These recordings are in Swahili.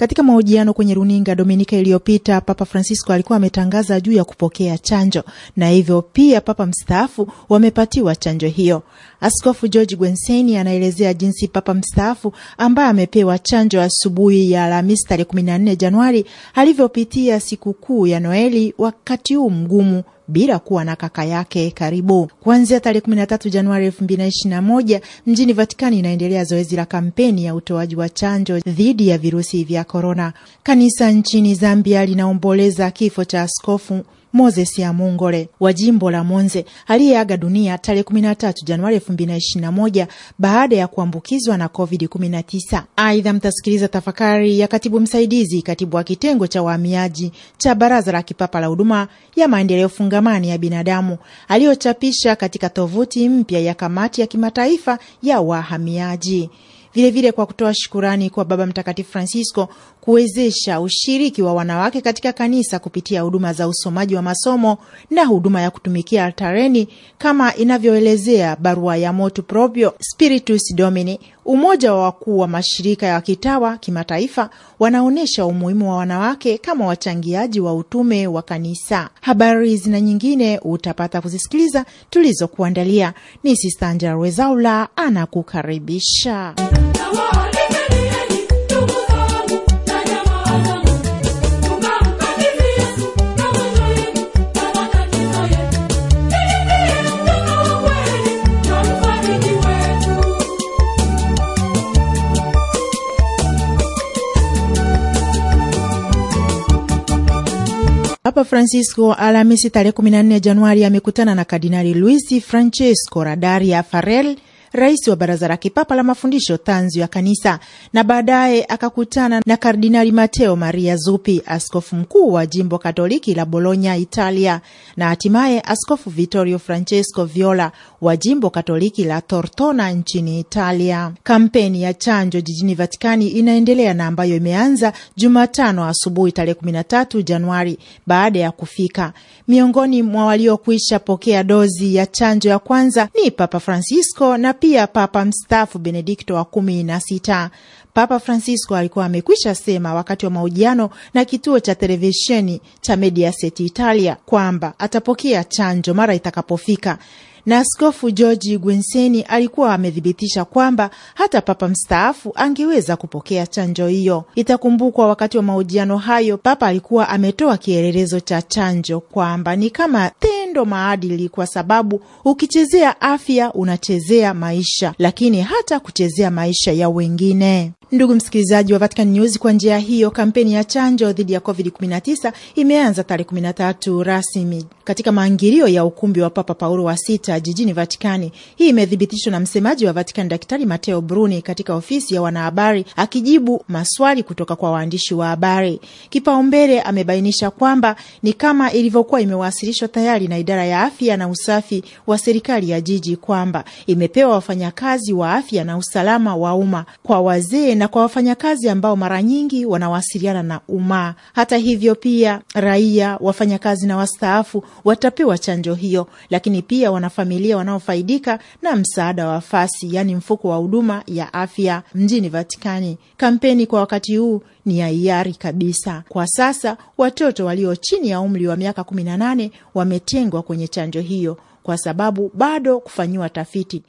Katika mahojiano kwenye runinga Dominika iliyopita, Papa Francisco alikuwa ametangaza juu ya kupokea chanjo na hivyo pia papa mstaafu wamepatiwa chanjo hiyo. Askofu George Gwenseni anaelezea jinsi papa mstaafu ambaye amepewa chanjo asubuhi ya Alhamisi tarehe 14 Januari alivyopitia sikukuu ya Noeli wakati huu mgumu bila kuwa na kaka yake karibu. Kuanzia tarehe 13 Januari 2021 mjini Vatikani inaendelea zoezi la kampeni ya utoaji wa chanjo dhidi ya virusi vya korona. Kanisa nchini Zambia linaomboleza kifo cha askofu Moses mungole wa jimbo la Monze aliyeaga dunia tarehe 13 Januari 2021 baada ya kuambukizwa na COVID-19. Aidha, mtasikiliza tafakari ya katibu msaidizi, katibu wa kitengo cha wahamiaji cha Baraza la Kipapa la Huduma ya Maendeleo Fungamani ya Binadamu aliyochapisha katika tovuti mpya ya Kamati ya Kimataifa ya Wahamiaji vilevile vile kwa kutoa shukurani kwa Baba Mtakatifu Francisco kuwezesha ushiriki wa wanawake katika kanisa kupitia huduma za usomaji wa masomo na huduma ya kutumikia altareni kama inavyoelezea barua ya motu proprio Spiritus Domini. Umoja wa wakuu wa mashirika ya kitawa kimataifa wanaonyesha umuhimu wa wanawake kama wachangiaji wa utume wa kanisa. Habari zina nyingine utapata kuzisikiliza tulizokuandalia. Ni Sista Angela Rwezaula anakukaribisha. Papa Francisco Alhamisi tarehe 14 Januari amekutana na Kardinali Luisi Francesco Radaria Farel rais wa baraza la kipapa la mafundisho tanzu ya kanisa, na baadaye akakutana na Kardinali Mateo Maria Zuppi, askofu mkuu wa jimbo katoliki la Bologna, Italia, na hatimaye askofu Vittorio Francesco Viola wa jimbo katoliki la Tortona nchini Italia. Kampeni ya chanjo jijini Vatikani inaendelea na ambayo imeanza Jumatano asubuhi tarehe 13 Januari baada ya kufika miongoni mwa waliokwisha pokea dozi ya chanjo ya kwanza ni Papa Francisco na pia papa mstaafu Benedikto wa kumi na sita. Papa Francisco alikuwa amekwisha sema wakati wa mahojiano na kituo cha televisheni cha Mediaset Italia kwamba atapokea chanjo mara itakapofika na Askofu Georgi Gwenseni alikuwa amethibitisha kwamba hata papa mstaafu angeweza kupokea chanjo hiyo. Itakumbukwa wakati wa mahojiano hayo, papa alikuwa ametoa kielelezo cha chanjo kwamba ni kama tendo maadili, kwa sababu ukichezea afya unachezea maisha, lakini hata kuchezea maisha ya wengine. Ndugu msikilizaji wa Vatican News, kwa njia hiyo kampeni ya chanjo dhidi ya COVID-19 imeanza tarehe 13 rasmi katika maangilio ya ukumbi wa Papa Paulo wa sita Sita jijini Vatikani. Hii imethibitishwa na msemaji wa Vatikani Daktari Mateo Bruni katika ofisi ya wanahabari akijibu maswali kutoka kwa waandishi wa habari. Kipaumbele amebainisha kwamba ni kama ilivyokuwa imewasilishwa tayari na idara ya afya na usafi wa serikali ya jiji kwamba imepewa wafanyakazi wa afya na usalama wa umma, kwa wazee na kwa wafanyakazi ambao mara nyingi wanawasiliana na umma. Hata hivyo, pia raia, wafanyakazi na wastaafu watapewa chanjo hiyo, lakini pia wanafanya familia wanaofaidika na msaada wa fasi yaani mfuko wa huduma ya afya mjini Vatikani. Kampeni kwa wakati huu ni ya hiari kabisa. Kwa sasa watoto walio chini ya umri wa miaka 18 wametengwa kwenye chanjo hiyo kwa sababu bado kufanyiwa tafiti.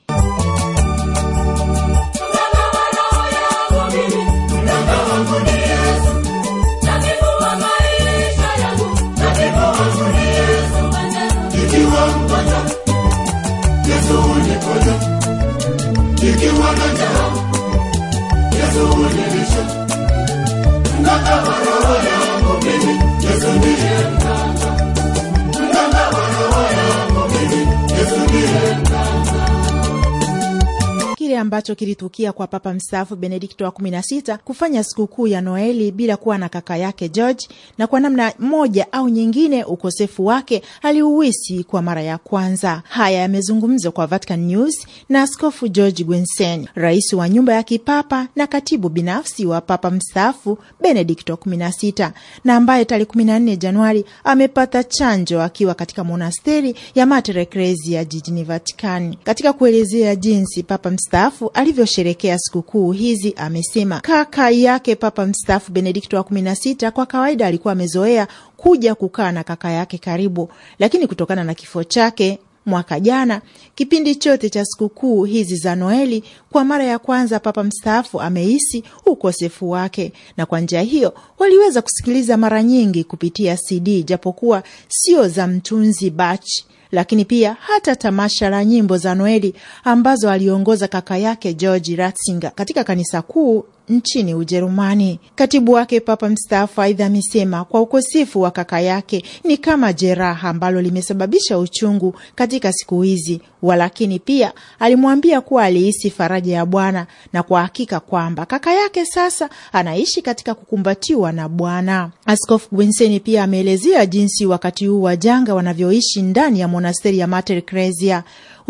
ambacho kilitukia kwa Papa mstaafu Benedikto wa kumi na sita kufanya sikukuu ya Noeli bila kuwa na kaka yake George, na kwa namna moja au nyingine ukosefu wake aliuwisi kwa mara ya kwanza. Haya yamezungumzwa kwa Vatican News na Askofu George Gwensen, rais wa nyumba ya kipapa na katibu binafsi wa Papa mstaafu Benedikto wa kumi na sita na ambaye tarehe kumi Januari amepata chanjo akiwa katika monasteri ya Mater ya jijini Vatikani. Katika kuelezea jinsi Papa mstaafu mstaafu alivyosherekea sikukuu hizi, amesema kaka yake Papa mstaafu Benedikto wa kumi na sita kwa kawaida alikuwa amezoea kuja kukaa na kaka yake karibu, lakini kutokana na kifo chake mwaka jana, kipindi chote cha sikukuu hizi za Noeli, kwa mara ya kwanza papa mstaafu amehisi ukosefu wake, na kwa njia hiyo waliweza kusikiliza mara nyingi kupitia CD, japokuwa sio za mtunzi Bach lakini pia hata tamasha la nyimbo za Noeli ambazo aliongoza kaka yake George Ratzinger katika kanisa kuu nchini Ujerumani. Katibu wake Papa mstaafu aidha amesema kwa ukosefu wa kaka yake ni kama jeraha ambalo limesababisha uchungu katika siku hizi, walakini pia alimwambia kuwa alihisi faraja ya Bwana na kwa hakika kwamba kaka yake sasa anaishi katika kukumbatiwa na Bwana. Askofu gwinseni pia ameelezea jinsi wakati huu wa janga wanavyoishi ndani ya monasteri ya Mater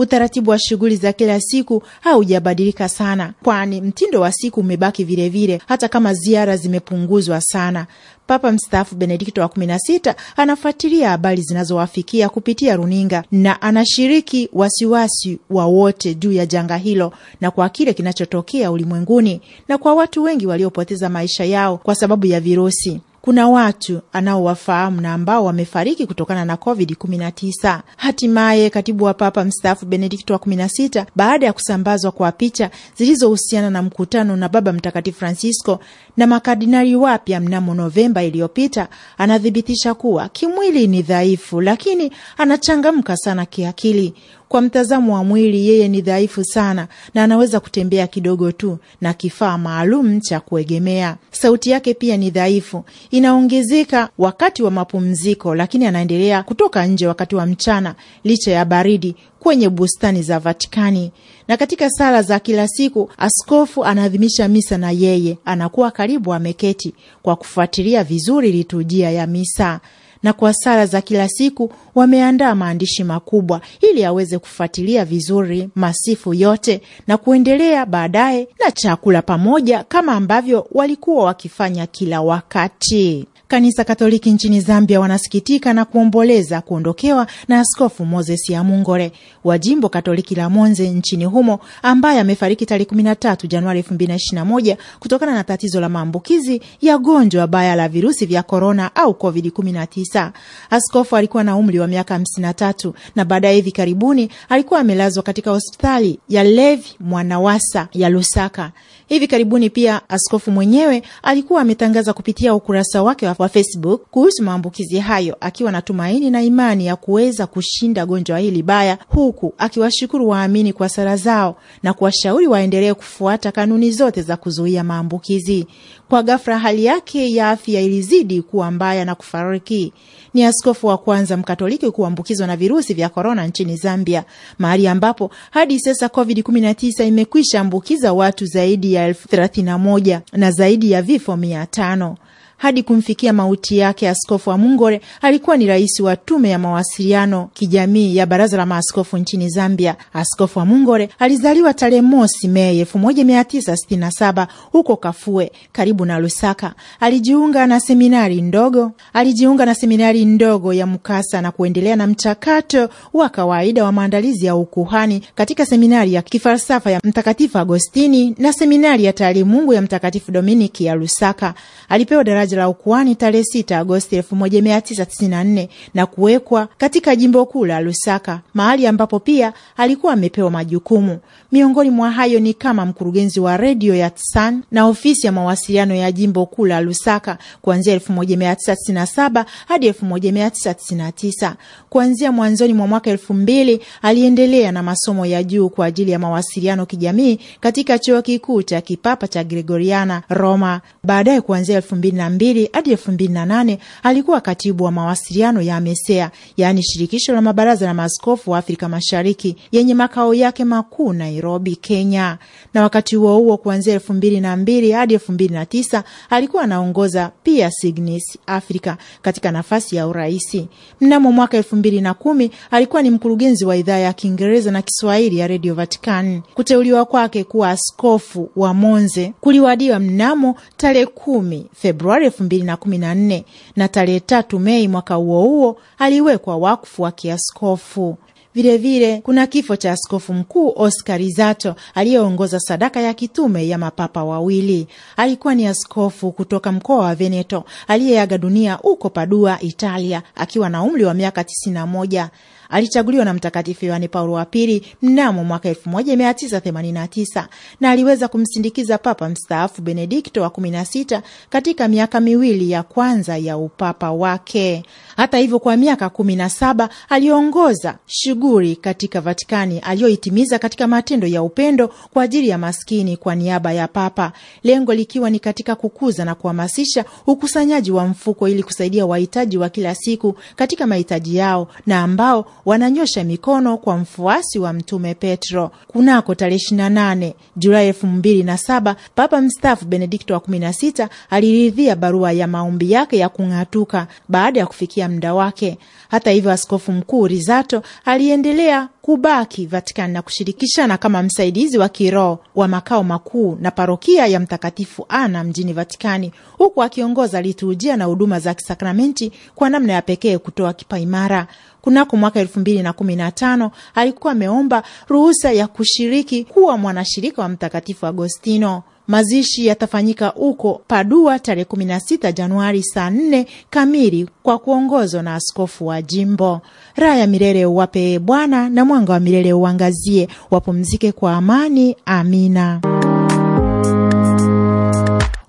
utaratibu wa shughuli za kila siku haujabadilika sana, kwani mtindo wa siku umebaki vilevile, hata kama ziara zimepunguzwa sana. Papa mstaafu Benedikto wa kumi na sita anafuatilia habari zinazowafikia kupitia runinga na anashiriki wasiwasi wa wote juu ya janga hilo na kwa kile kinachotokea ulimwenguni na kwa watu wengi waliopoteza maisha yao kwa sababu ya virusi kuna watu anaowafahamu na ambao wamefariki kutokana na COVID-19. Hatimaye katibu wa papa mstaafu Benedikto wa 16 baada ya kusambazwa kwa picha zilizohusiana na mkutano na Baba Mtakatifu Francisco na makardinali wapya mnamo Novemba iliyopita, anathibitisha kuwa kimwili ni dhaifu, lakini anachangamka sana kiakili. Kwa mtazamo wa mwili, yeye ni dhaifu sana na anaweza kutembea kidogo tu na kifaa maalum cha kuegemea. Sauti yake pia ni dhaifu, inaongezeka wakati wa mapumziko, lakini anaendelea kutoka nje wakati wa mchana licha ya baridi, kwenye bustani za Vatikani, na katika sala za kila siku askofu anaadhimisha misa na yeye anakuwa karibu ameketi kwa kufuatilia vizuri liturujia ya misa na kwa sala za kila siku wameandaa maandishi makubwa ili aweze kufuatilia vizuri masifu yote na kuendelea baadaye na chakula pamoja, kama ambavyo walikuwa wakifanya kila wakati. Kanisa Katoliki nchini Zambia wanasikitika na kuomboleza kuondokewa na Askofu Moses Yamungore wa jimbo Katoliki la Monze nchini humo ambaye amefariki tarehe 13 Januari 2021 kutokana na tatizo la maambukizi ya gonjwa baya la virusi vya korona au COVID-19. Askofu alikuwa na umri wa miaka 53 na baadaye hivi karibuni alikuwa amelazwa katika hospitali ya Levi Mwanawasa ya Lusaka. Hivi karibuni pia askofu mwenyewe alikuwa ametangaza kupitia ukurasa wake wa Facebook kuhusu maambukizi hayo, akiwa na tumaini na imani ya kuweza kushinda gonjwa hili baya, huku akiwashukuru waamini kwa sala zao na kuwashauri waendelee kufuata kanuni zote za kuzuia maambukizi. Kwa ghafla hali yake ya afya ilizidi kuwa mbaya na kufariki. Ni askofu wa kwanza mkatoliki kuambukizwa na virusi vya korona nchini Zambia, mahali ambapo hadi sasa COVID-19 imekwisha ambukiza watu zaidi ya elfu thelathini na moja na zaidi ya vifo mia tano hadi kumfikia mauti yake, Askofu wa Mungore alikuwa ni rais wa tume ya mawasiliano kijamii ya baraza la maaskofu nchini Zambia. Askofu wa Mungore alizaliwa tarehe mosi Mei 1967 huko Kafue karibu na Lusaka. Alijiunga na seminari ndogo alijiunga na seminari ndogo ya Mkasa na kuendelea na mchakato wa kawaida wa maandalizi ya ukuhani katika seminari ya kifalsafa ya Mtakatifu Agostini na seminari ya taalimungu ya Mtakatifu Dominiki ya Lusaka. Alipewa daraja Hekazi la Ukuani tarehe 6 Agosti 1994 na kuwekwa katika jimbo kuu la Lusaka, mahali ambapo pia alikuwa amepewa majukumu. Miongoni mwa hayo ni kama mkurugenzi wa redio ya Tsan na ofisi ya mawasiliano ya jimbo kuu la Lusaka kuanzia 1997 hadi 1999. Kuanzia mwanzoni mwa mwaka 2000 aliendelea na masomo ya juu kwa ajili ya mawasiliano kijamii katika chuo kikuu cha kipapa cha Gregoriana Roma. Baadaye kuanzia mbili mbili hadi elfu mbili na nane alikuwa katibu wa mawasiliano ya AMESEA, yaani shirikisho la mabaraza la maaskofu wa Afrika Mashariki yenye makao yake makuu Nairobi, Kenya. Na wakati huo huo kuanzia elfu mbili na mbili hadi elfu mbili na tisa alikuwa anaongoza pia Signis Africa katika nafasi ya uraisi. Mnamo mwaka elfu mbili na kumi alikuwa ni mkurugenzi wa idhaa ya Kiingereza na Kiswahili ya redio vatican Kuteuliwa kwake kuwa askofu wa Monze kuliwadiwa mnamo tarehe kumi Februari elfu mbili na kumi na nne na tarehe tatu Mei mwaka huo huo aliwekwa wakfu wa kiaskofu. Vilevile kuna kifo cha askofu mkuu Oscar Rizato aliyeongoza sadaka ya kitume ya mapapa wawili. Alikuwa ni askofu kutoka mkoa wa Veneto aliyeaga dunia huko Padua, Italia, akiwa na umri wa miaka 91. Alichaguliwa na Mtakatifu Yohane Paulo wa Pili mnamo mwaka 1989 na aliweza kumsindikiza Papa mstaafu Benedikto wa 16 katika miaka miwili ya kwanza ya upapa wake. Hata hivyo, kwa miaka 17 aliongoza shughuli katika Vatikani aliyoitimiza katika matendo ya upendo kwa ajili ya maskini kwa niaba ya Papa, lengo likiwa ni katika kukuza na kuhamasisha ukusanyaji wa mfuko ili kusaidia wahitaji wa kila siku katika mahitaji yao na ambao wananyosha mikono kwa mfuasi wa Mtume Petro. Kunako tarehe 28 Julai 2007 Papa mstaafu Benedikto wa 16 aliridhia barua ya maombi yake ya kung'atuka baada ya kufikia muda wake. Hata hivyo, askofu mkuu Rizato aliendelea kubaki Vatikani na kushirikishana kama msaidizi wa kiroho wa makao makuu na parokia ya Mtakatifu Ana mjini Vatikani, huku akiongoza liturujia na huduma za kisakramenti kwa namna ya pekee kutoa kipaimara kunako mwaka elfu mbili na kumi na tano alikuwa ameomba ruhusa ya kushiriki kuwa mwanashirika wa Mtakatifu Agostino. Mazishi yatafanyika huko Padua tarehe sita Januari saa 4 kamili kwa kuongozwa na askofu wa jimbo. Raha ya milele uwape Bwana na mwanga wa milele uangazie, wapumzike kwa amani. Amina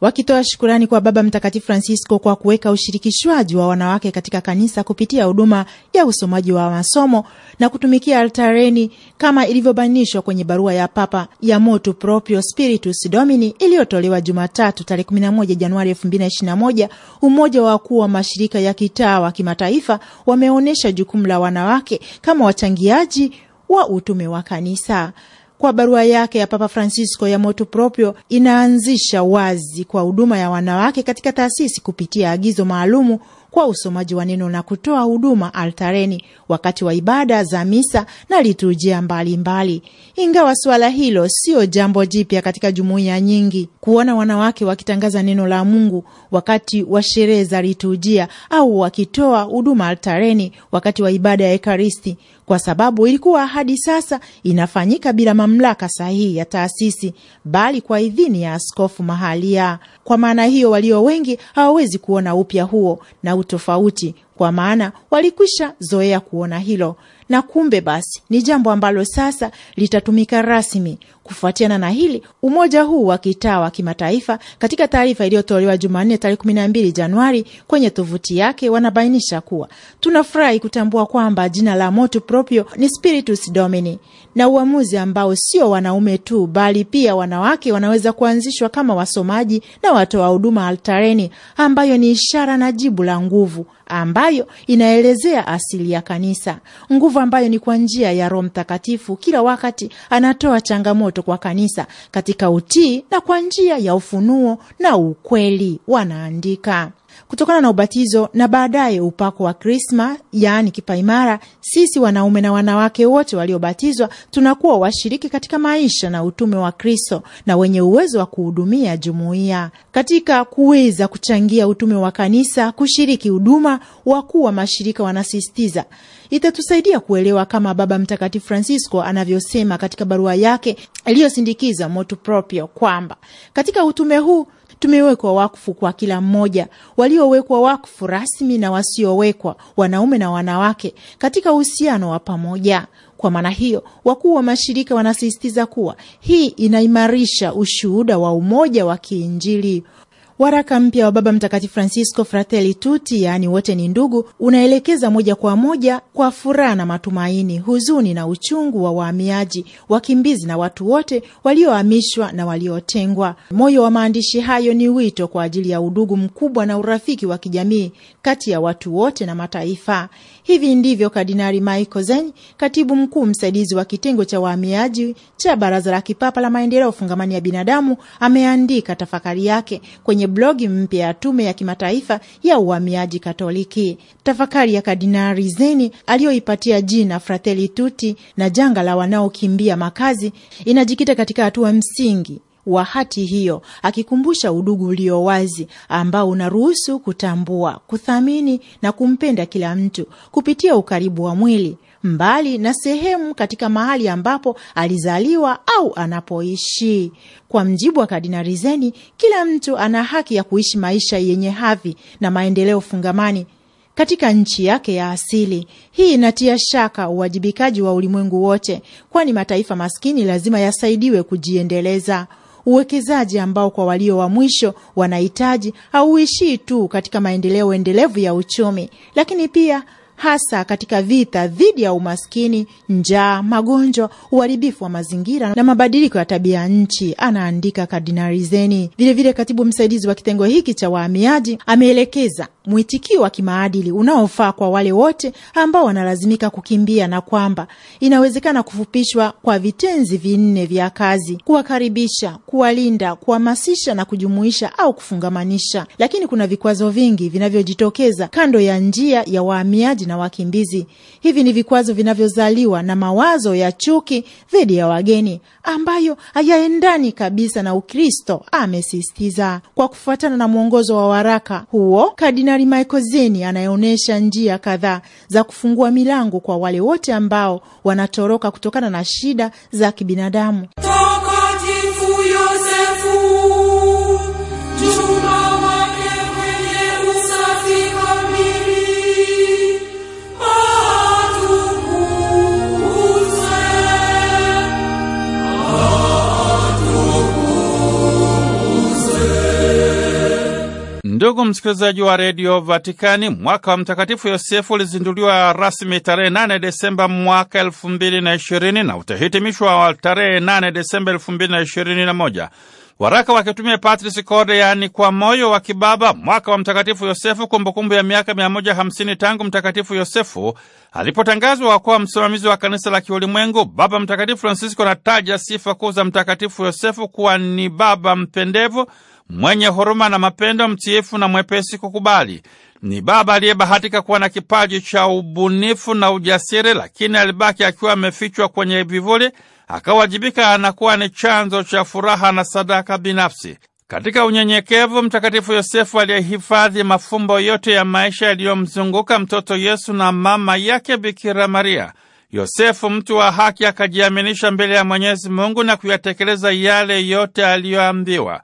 wakitoa shukurani kwa Baba Mtakatifu Francisco kwa kuweka ushirikishwaji wa wanawake katika kanisa kupitia huduma ya usomaji wa masomo na kutumikia altareni kama ilivyobainishwa kwenye barua ya Papa ya Motu Proprio Spiritus Domini iliyotolewa Jumatatu tarehe 11 Januari 2021. Umoja wa wakuu wa mashirika ya wa kimataifa wameonyesha jukumu la wanawake kama wachangiaji wa utume wa kanisa kwa barua yake ya Papa Francisco ya motu proprio inaanzisha wazi kwa huduma ya wanawake katika taasisi kupitia agizo maalumu kwa usomaji wa neno na kutoa huduma altareni wakati wa ibada za misa na liturujia mbalimbali. Ingawa suala hilo sio jambo jipya katika jumuiya nyingi, kuona wanawake wakitangaza neno la Mungu wakati wa sherehe za liturujia au wakitoa huduma altareni wakati wa ibada ya Ekaristi kwa sababu ilikuwa hadi sasa inafanyika bila mamlaka sahihi ya taasisi, bali kwa idhini ya askofu mahalia. Kwa maana hiyo, walio wengi hawawezi kuona upya huo na utofauti, kwa maana walikwisha zoea kuona hilo, na kumbe basi ni jambo ambalo sasa litatumika rasmi Kufuatiana na hili, umoja huu wa kitaa wa kimataifa katika taarifa iliyotolewa Jumanne tarehe kumi na mbili Januari kwenye tovuti yake wanabainisha kuwa tunafurahi kutambua kwamba jina la motu proprio ni Spiritus Domini na uamuzi ambao sio wanaume tu bali pia wanawake wanaweza kuanzishwa kama wasomaji na watoa huduma altareni, ambayo ni ishara na jibu la nguvu ambayo inaelezea asili ya kanisa, nguvu ambayo ni kwa njia ya Roho Mtakatifu kila wakati anatoa changamoto changamoto kwa kanisa katika utii na kwa njia ya ufunuo na ukweli, wanaandika kutokana na ubatizo na baadaye upako wa Krisma, yaani kipaimara, sisi wanaume na wanawake wote waliobatizwa tunakuwa washiriki katika maisha na utume wa Kristo na wenye uwezo wa kuhudumia jumuiya katika kuweza kuchangia utume wa kanisa. Kushiriki huduma, wakuu wa mashirika wanasisitiza itatusaidia kuelewa kama Baba Mtakatifu Francisco anavyosema katika barua yake iliyosindikiza motu proprio kwamba katika utume huu tumewekwa wakfu kwa kila mmoja, waliowekwa wakfu rasmi na wasiowekwa, wanaume na wanawake, katika uhusiano wa pamoja. Kwa maana hiyo, wakuu wa mashirika wanasisitiza kuwa hii inaimarisha ushuhuda wa umoja wa kiinjili. Waraka mpya wa Baba Mtakatifu Francisco, Fratelli Tutti, yaani wote ni ndugu, unaelekeza moja kwa moja kwa furaha na matumaini, huzuni na uchungu wa wahamiaji, wakimbizi na watu wote waliohamishwa na waliotengwa. Moyo wa maandishi hayo ni wito kwa ajili ya udugu mkubwa na urafiki wa kijamii kati ya watu wote na mataifa. Hivi ndivyo Kardinali Michael Zen, katibu mkuu msaidizi wa kitengo cha wahamiaji cha Baraza la Kipapa la Maendeleo Fungamani ya Binadamu, ameandika tafakari yake kwenye blogi mpya ya Tume ya Kimataifa ya Uhamiaji Katoliki. Tafakari ya Kardinali Zeni aliyoipatia jina Fratelli Tutti na janga la wanaokimbia makazi inajikita katika hatua msingi wa hati hiyo, akikumbusha udugu ulio wazi ambao unaruhusu kutambua, kuthamini na kumpenda kila mtu kupitia ukaribu wa mwili, mbali na sehemu katika mahali ambapo alizaliwa au anapoishi. Kwa mjibu wa Kardinali Zeni, kila mtu ana haki ya kuishi maisha yenye hadhi na maendeleo fungamani katika nchi yake ya asili. Hii inatia shaka uwajibikaji wa ulimwengu wote, kwani mataifa maskini lazima yasaidiwe kujiendeleza uwekezaji ambao kwa walio wa mwisho wanahitaji hauishii tu katika maendeleo endelevu ya uchumi, lakini pia hasa katika vita dhidi ya umaskini, njaa, magonjwa, uharibifu wa mazingira na mabadiliko ya tabia nchi, anaandika Kardinali Zeni. Vilevile, katibu msaidizi wa kitengo hiki cha wahamiaji ameelekeza mwitikio wa kimaadili unaofaa kwa wale wote ambao wanalazimika kukimbia na kwamba inawezekana kufupishwa kwa vitenzi vinne vya kazi: kuwakaribisha, kuwalinda, kuhamasisha na kujumuisha au kufungamanisha. Lakini kuna vikwazo vingi vinavyojitokeza kando ya njia ya wahamiaji na wakimbizi. Hivi ni vikwazo vinavyozaliwa na mawazo ya chuki dhidi ya wageni ambayo hayaendani kabisa na Ukristo, amesisitiza. Kwa kufuatana na mwongozo wa waraka huo Kardinali Michael Zeni anayeonyesha njia kadhaa za kufungua milango kwa wale wote ambao wanatoroka kutokana na shida za kibinadamu Toko, msikilizaji wa redio Vatikani, mwaka wa Mtakatifu Yosefu ulizinduliwa rasmi tarehe 8 Desemba mwaka elfu mbili na ishirini na utahitimishwa tarehe 8 Desemba elfu mbili na ishirini na moja. Waraka wakitumia Patris Corde, yaani kwa moyo wa kibaba, mwaka wa Mtakatifu Yosefu, kumbukumbu ya miaka 150 tangu Mtakatifu Yosefu alipotangazwa kuwa msimamizi wa kanisa la kiulimwengu. Baba Mtakatifu Francisco anataja sifa kuu za Mtakatifu Yosefu kuwa ni baba mpendevu mwenye huruma na mapendo, mtiifu na mwepesi kukubali. Ni baba aliyebahatika kuwa na kipaji cha ubunifu na ujasiri, lakini alibaki akiwa amefichwa kwenye vivuli, akawajibika anakuwa ni chanzo cha furaha na sadaka binafsi. Katika unyenyekevu, Mtakatifu Yosefu aliyehifadhi mafumbo yote ya maisha yaliyomzunguka mtoto Yesu na mama yake Bikira Maria. Yosefu mtu wa haki akajiaminisha mbele ya Mwenyezi Mungu na kuyatekeleza yale yote aliyoambiwa.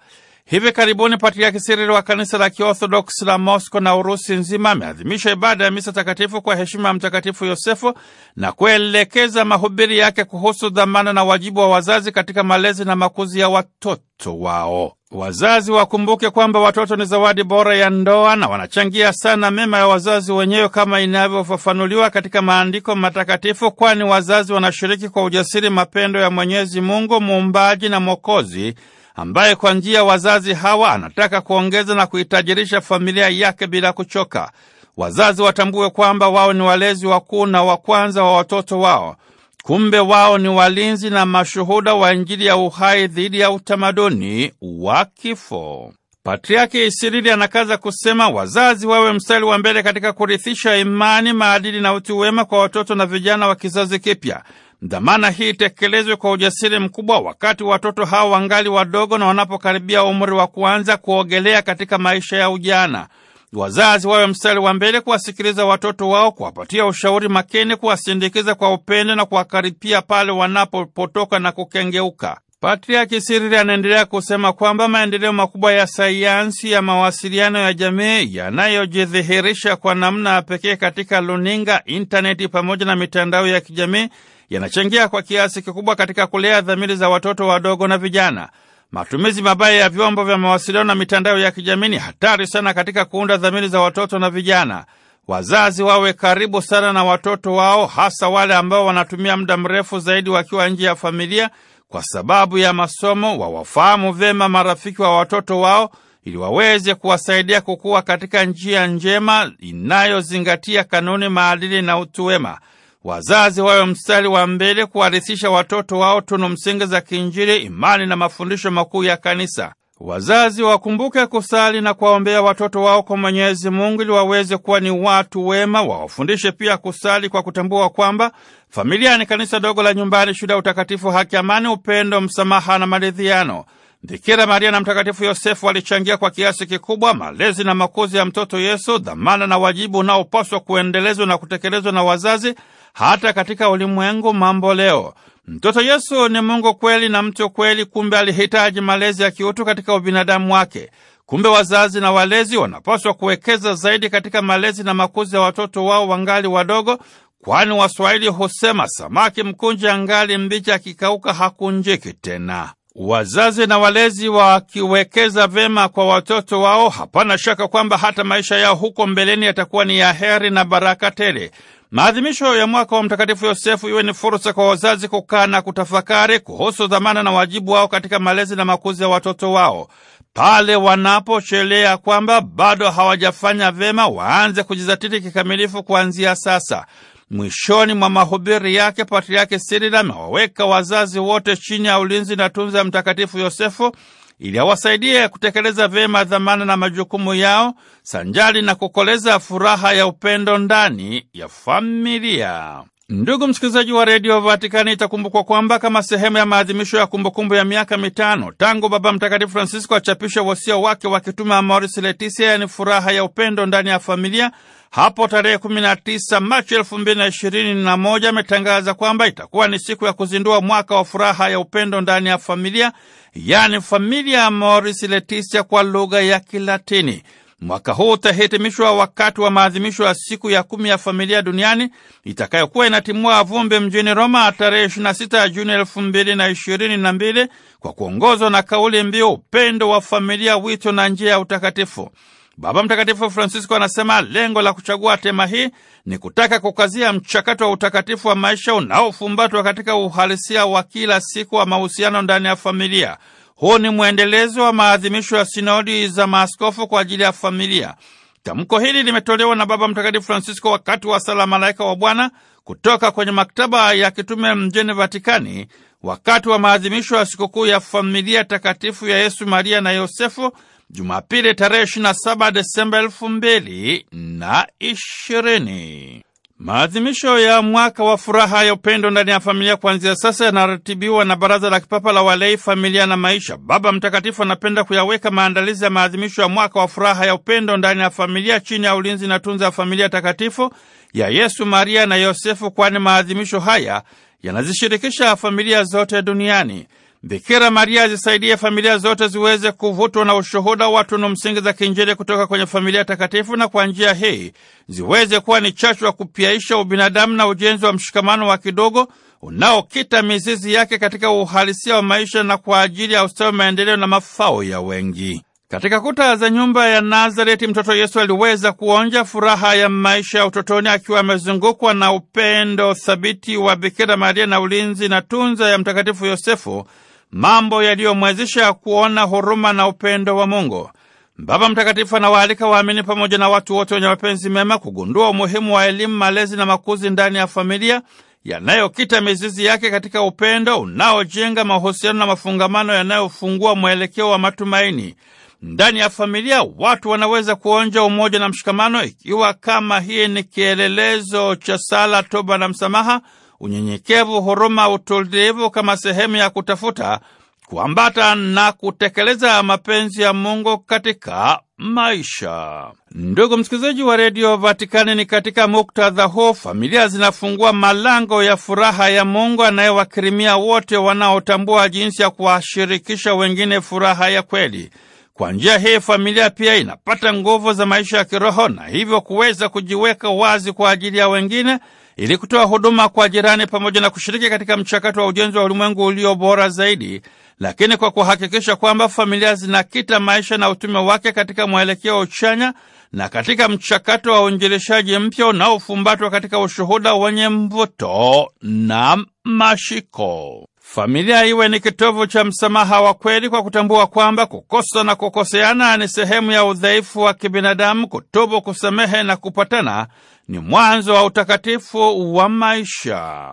Hivi karibuni Patriaki Sirili wa kanisa la Kiorthodoksi la Mosco na Urusi nzima ameadhimisha ibada ya misa takatifu kwa heshima ya Mtakatifu Yosefu na kuelekeza mahubiri yake kuhusu dhamana na wajibu wa wazazi katika malezi na makuzi ya watoto wao. Wazazi wakumbuke kwamba watoto ni zawadi bora ya ndoa na wanachangia sana mema ya wazazi wenyewe kama inavyofafanuliwa katika maandiko matakatifu, kwani wazazi wanashiriki kwa ujasiri mapendo ya Mwenyezi Mungu muumbaji na Mwokozi ambaye kwa njia wazazi hawa anataka kuongeza na kuitajirisha familia yake bila kuchoka. Wazazi watambue kwamba wao ni walezi wakuu na wa kwanza wa watoto wao. Kumbe wao ni walinzi na mashuhuda wa Injili ya uhai dhidi ya utamaduni wa kifo. Patriaki isirili anakaza kusema wazazi wawe mstari wa mbele katika kurithisha imani, maadili na utu wema kwa watoto na vijana wa kizazi kipya. Dhamana hii itekelezwe kwa ujasiri mkubwa wakati watoto hao wangali wadogo na wanapokaribia umri wa kuanza kuogelea katika maisha ya ujana. Wazazi wawe mstari wa mbele kuwasikiliza watoto wao, kuwapatia ushauri makini, kuwasindikiza kwa upendo na kuwakaripia pale wanapopotoka na kukengeuka. Patriaki Sirili anaendelea kusema kwamba maendeleo makubwa ya sayansi ya mawasiliano ya jamii yanayojidhihirisha kwa namna pekee katika luninga, intaneti pamoja na mitandao ya kijamii yanachangia kwa kiasi kikubwa katika kulea dhamiri za watoto wadogo na vijana. Matumizi mabaya ya vyombo vya mawasiliano na mitandao ya kijamii ni hatari sana katika kuunda dhamiri za watoto na vijana. Wazazi wawe karibu sana na watoto wao, hasa wale ambao wanatumia muda mrefu zaidi wakiwa nje ya familia kwa sababu ya masomo wawafahamu vema marafiki wa watoto wao ili waweze kuwasaidia kukua katika njia njema inayozingatia kanuni, maadili na utu wema. Wazazi wawe mstari wa mbele kuwarithisha watoto wao tunu msingi za Kiinjili, imani na mafundisho makuu ya Kanisa. Wazazi wakumbuke kusali na kuwaombea watoto wao kwa Mwenyezi Mungu ili waweze kuwa ni watu wema. Wawafundishe pia kusali kwa kutambua kwamba familia ni kanisa dogo la nyumbani, shuhuda ya utakatifu, haki, amani, upendo, msamaha na maridhiano. Bikira Maria na Mtakatifu Yosefu walichangia kwa kiasi kikubwa malezi na makuzi ya mtoto Yesu, dhamana na wajibu unaopaswa kuendelezwa na kutekelezwa na wazazi hata katika ulimwengu mambo leo. Mtoto Yesu ni Mungu kweli na mtu kweli, kumbe alihitaji malezi ya kiutu katika ubinadamu wake. Kumbe wazazi na walezi wanapaswa kuwekeza zaidi katika malezi na makuzi ya watoto wao wangali wadogo, kwani Waswahili husema samaki mkunje angali mbichi, akikauka hakunjiki tena. Wazazi na walezi wakiwekeza vyema kwa watoto wao, hapana shaka kwamba hata maisha yao huko mbeleni yatakuwa ni ya heri na baraka tele. Maadhimisho ya mwaka wa Mtakatifu Yosefu iwe ni fursa kwa wazazi kukaa na kutafakari kuhusu dhamana na wajibu wao katika malezi na makuzi ya watoto wao. Pale wanapochelea kwamba bado hawajafanya vyema, waanze kujizatiti kikamilifu kuanzia sasa. Mwishoni mwa mahubiri yake, Patriaki Sirila amewaweka wazazi wote chini ya ulinzi na tunza Mtakatifu Yosefu ili awasaidie kutekeleza vyema dhamana na majukumu yao sanjali na kukoleza furaha ya upendo ndani ya familia. Ndugu msikilizaji wa redio Vatikani, itakumbukwa kwamba kama sehemu ya maadhimisho ya kumbukumbu ya miaka mitano tangu Baba Mtakatifu Francisco achapisha wasia wake wa kitume Amoris Laetitia, yaani furaha ya upendo ndani ya familia, hapo tarehe 19 Machi 2021 ametangaza kwamba itakuwa ni siku ya kuzindua mwaka wa furaha ya upendo ndani ya familia, yaani familia Amoris Laetitia kwa lugha ya Kilatini. Mwaka huu utahitimishwa wakati wa maadhimisho ya siku ya kumi ya familia duniani itakayokuwa inatimua vumbi mjini Roma tarehe 26 Juni mbili kwa kuongozwa na kauli mbiu upendo wa familia, wito na njia ya utakatifu. Baba Mtakatifu Francisco anasema lengo la kuchagua tema hii ni kutaka kukazia mchakato wa utakatifu wa maisha unaofumbatwa katika uhalisia wa kila siku wa mahusiano ndani ya familia. Huu ni mwendelezo wa maadhimisho ya sinodi za maaskofu kwa ajili ya familia. Tamko hili limetolewa na Baba Mtakatifu Francisco wakati wa sala Malaika wa Bwana kutoka kwenye maktaba ya kitume mjini Vatikani wakati wa maadhimisho ya sikukuu ya familia takatifu ya Yesu, Maria na Yosefu, Jumapili tarehe 27 Desemba elfu mbili na ishirini. Maadhimisho ya mwaka wa furaha ya upendo ndani ya familia kuanzia sasa yanaratibiwa na Baraza la Kipapa la Walei, Familia na Maisha. Baba Mtakatifu anapenda kuyaweka maandalizi ya maadhimisho ya mwaka wa furaha ya upendo ndani ya familia chini ya ulinzi na tunza ya familia takatifu ya Yesu, Maria na Yosefu, kwani maadhimisho haya yanazishirikisha familia zote duniani. Bikira Maria zisaidie familia zote ziweze kuvutwa na ushuhuda wa tunu msingi za kiinjili kutoka kwenye familia takatifu, na kwa njia hii ziweze kuwa ni chachu ya kupiaisha ubinadamu na ujenzi wa mshikamano wa kidogo unaokita mizizi yake katika uhalisia wa maisha na kwa ajili ya ustawi, maendeleo na mafao ya wengi. Katika kuta za nyumba ya Nazareti, mtoto Yesu aliweza kuonja furaha ya maisha ya utotoni akiwa amezungukwa na upendo thabiti wa Bikira Maria na ulinzi na tunza ya Mtakatifu Yosefu mambo yaliyomwezesha kuona huruma na upendo wa Mungu. Baba Mtakatifu anawaalika waamini pamoja na watu wote wenye mapenzi mema kugundua umuhimu wa elimu, malezi na makuzi ndani ya familia yanayokita mizizi yake katika upendo unaojenga mahusiano na mafungamano yanayofungua mwelekeo wa matumaini. Ndani ya familia watu wanaweza kuonja umoja na mshikamano, ikiwa kama hii ni kielelezo cha sala, toba na msamaha unyenyekevu, huruma, utulivu kama sehemu ya kutafuta kuambata na kutekeleza mapenzi ya Mungu katika maisha. Ndugu msikilizaji wa redio Vatikani, ni katika muktadha huu familia zinafungua malango ya furaha ya Mungu anayewakirimia wote wanaotambua jinsi ya kuwashirikisha wengine furaha ya kweli. Kwa njia hii familia pia inapata nguvu za maisha ya kiroho na hivyo kuweza kujiweka wazi kwa ajili ya wengine ili kutoa huduma kwa jirani pamoja na kushiriki katika mchakato wa ujenzi wa ulimwengu ulio bora zaidi, lakini kwa kuhakikisha kwamba familia zinakita maisha na utume wake katika mwelekeo chanya na katika mchakato wa uinjilishaji mpya unaofumbatwa katika ushuhuda wenye mvuto na mashiko. Familia iwe ni kitovu cha msamaha wa kweli kwa kutambua kwamba kukosa na kukoseana ni sehemu ya udhaifu wa kibinadamu, kutubu, kusamehe na kupatana ni mwanzo wa utakatifu wa maisha.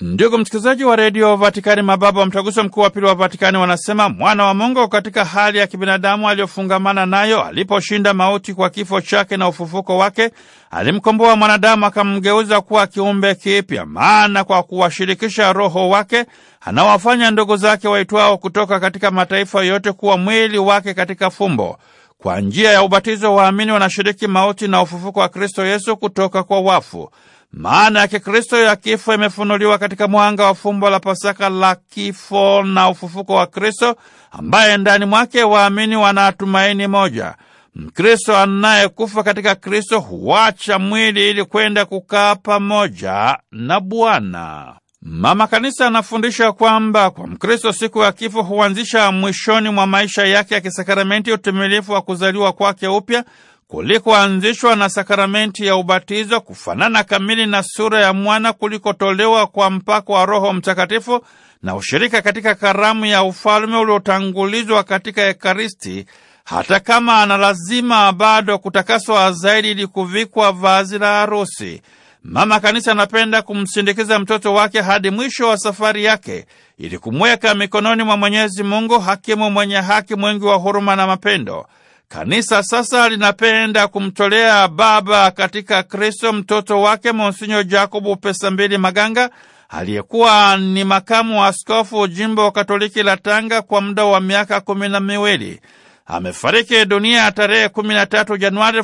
Ndugu msikilizaji wa redio Vatikani, mababa wa mtaguso mkuu wa pili wa Vatikani wanasema mwana wa Mungu katika hali ya kibinadamu aliyofungamana nayo, aliposhinda mauti kwa kifo chake na ufufuko wake, alimkomboa mwanadamu akamgeuza kuwa kiumbe kipya, maana kwa kuwashirikisha roho wake anawafanya ndugu zake waitwao kutoka katika mataifa yote kuwa mwili wake katika fumbo. Kwa njia ya ubatizo waamini wanashiriki mauti na ufufuko wa Kristo Yesu kutoka kwa wafu. Maana ya Kikristo ya kifo imefunuliwa katika mwanga wa fumbo la Pasaka la kifo na ufufuko wa Kristo, ambaye ndani mwake waamini wanatumaini moja. Mkristo anayekufa katika Kristo huacha mwili ili kwenda kukaa pamoja na Bwana. Mama Kanisa anafundisha kwamba kwa Mkristo siku ya kifo huanzisha mwishoni mwa maisha yake ya kisakramenti utimilifu wa kuzaliwa kwake upya kulikoanzishwa na sakramenti ya ubatizo, kufanana kamili na sura ya mwana kulikotolewa kwa mpako wa Roho Mtakatifu na ushirika katika karamu ya ufalme uliotangulizwa katika Ekaristi, hata kama ana lazima bado kutakaswa zaidi ili kuvikwa vazi la harusi. Mama Kanisa anapenda kumsindikiza mtoto wake hadi mwisho wa safari yake ili kumweka mikononi mwa Mwenyezi Mungu, hakimu mwenye haki, mwingi wa huruma na mapendo. Kanisa sasa linapenda kumtolea Baba katika Kristo mtoto wake Monsinyo jakobu Pesa Mbili Maganga aliyekuwa ni makamu wa askofu jimbo Katoliki la Tanga kwa muda wa miaka kumi na miwili. Amefariki dunia tarehe 13 Januari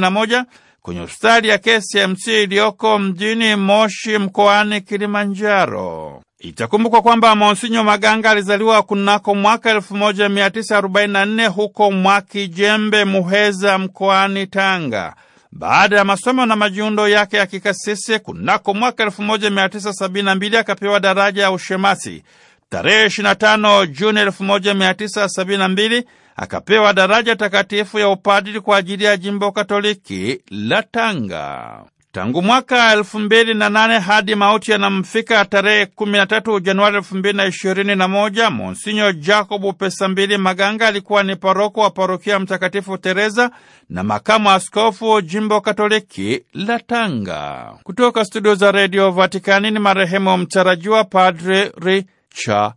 na kwenye hospitali ya KCMC iliyoko mjini Moshi mkoani Kilimanjaro. Itakumbukwa kwamba Monsinyo Maganga alizaliwa kunako mwaka 1944 huko Mwakijembe, Muheza, mkoani Tanga. Baada ya masomo na majiundo yake ya kikasisi, kunako mwaka 1972 akapewa daraja ya ushemasi. Tarehe 25 Juni 1972 akapewa daraja takatifu ya upadiri kwa ajili ya jimbo katoliki la Tanga. Tangu mwaka nane hadi mauti yanamfika tarehe 13 Januari moja Monsinyo Jacobu Mbili Maganga alikuwa ni paroko wa parokia Mtakatifu tereza na makamu askofu jimbo katoliki la Tanga. Kutoka studio za redio Vatikani ni marehemu mtarajiwa Padre Richard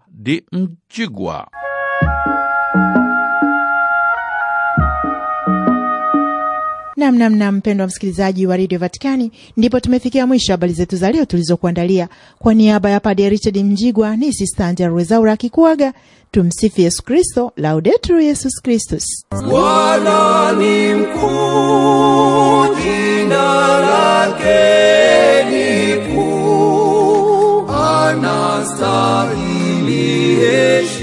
Mjigwa. Namnamna mpendwa msikilizaji wa redio Vatikani, ndipo tumefikia mwisho habari zetu za leo tulizokuandalia. Kwa niaba ya Padre Richard Mjigwa ni Sista Angela Rwezaura akikuaga. Tumsifu Yesu Kristo, Laudetur Yesus Kristus. Bwana ni mkuu, jina lake ni kuu, anastahili